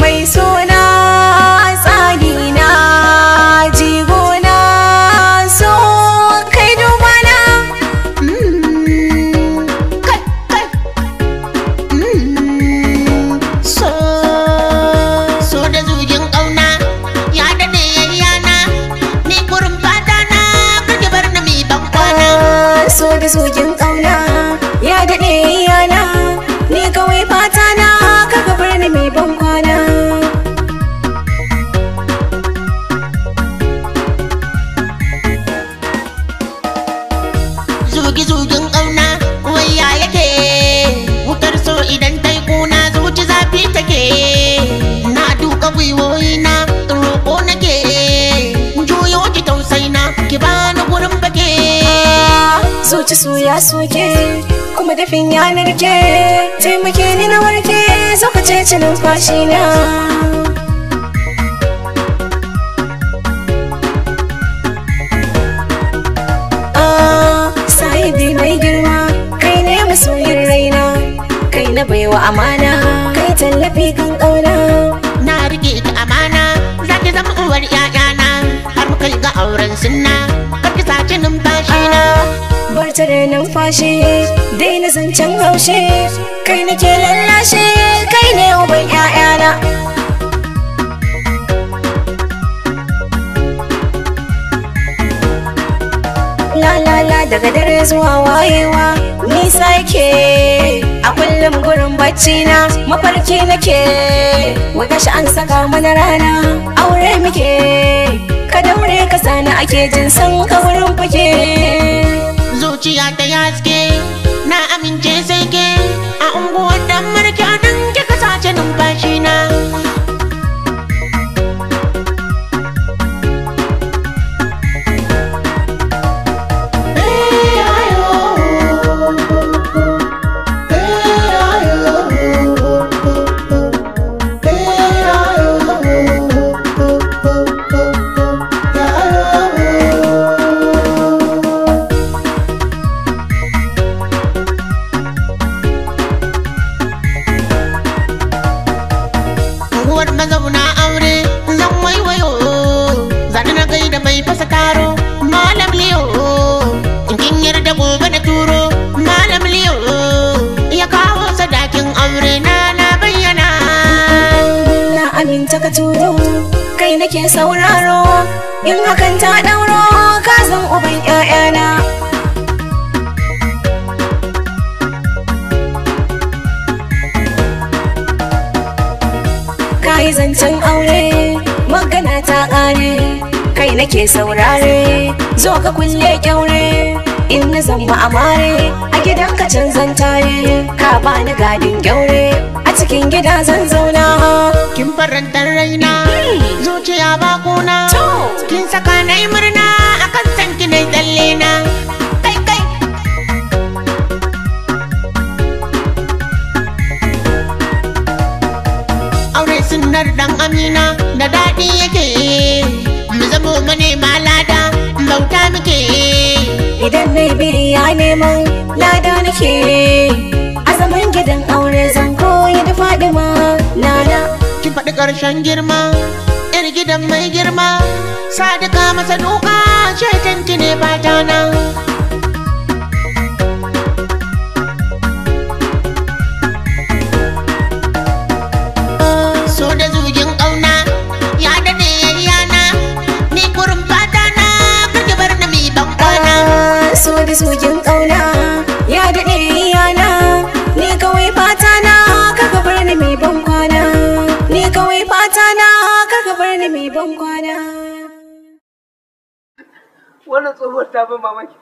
mai suna tsari na jigona so kai dubana mm, kai kai mm, so so da zugin ƙauna ya dade yayyana ni gurin fata na kake bar na mai bankwana ah, so da zugin ƙauna ya dade su ya soke kuma dafin yanar ke taimake ni na warke zaka cece numfashi na kai na baiwa amana kai tallafi kan ƙauna cire numfashi daina zancen haushe kai nake lallashe kai ne uban la la daga dare zuwa wayewa nisa yake a kullum gurin bacci na mafarki nake wata shi an saka mana rana aure muke ka daure ka sani ake jin san ka wurin Gucci at the asking. in taka tudu? kai nake sauraro in hakan ta ɗauro ka zan uban yayana kai zancen aure magana ta ƙare kai nake saurare zo ka kulle kyaure in na zama amare a gidan ka can zan tare ka bani gadin gyaure a cikin gida zan zauna kin farantar raina zuciya ba kuna kin saka na murna akan san ki na tsalle na kai kai aure sunnar dan amina da daɗi yake mu zamo manema lada bauta muke idan nai biri ya neman lada nake azaman gidan aure zan koyi da fadima na ki faɗi ƙarshen girma yar gidan mai girma sadika masa duka shaitan ki ne fata na so da ƙauna ya daɗe yayyana ni gurin fata na kar ki bar na mi ban kwana ah, so mata na kaka bar ni mai ban kwana. Wannan tsohuwar ta ban mamaki.